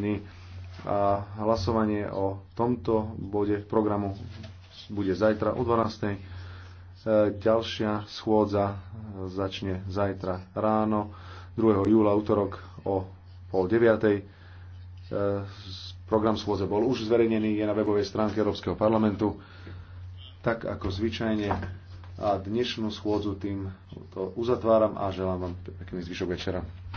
dny a hlasovanie o tomto bode programu bude zajtra o 12. E, ďalšia schôdza e, začne zajtra ráno 2. júla, útorok o pol 9. E, program schôdze bol už zverejnený, je na webovej stránke Európskeho parlamentu. Tak ako zvyčajne a dnešnú schôdzu tým to uzatváram a želám vám pekný zvyšok večera.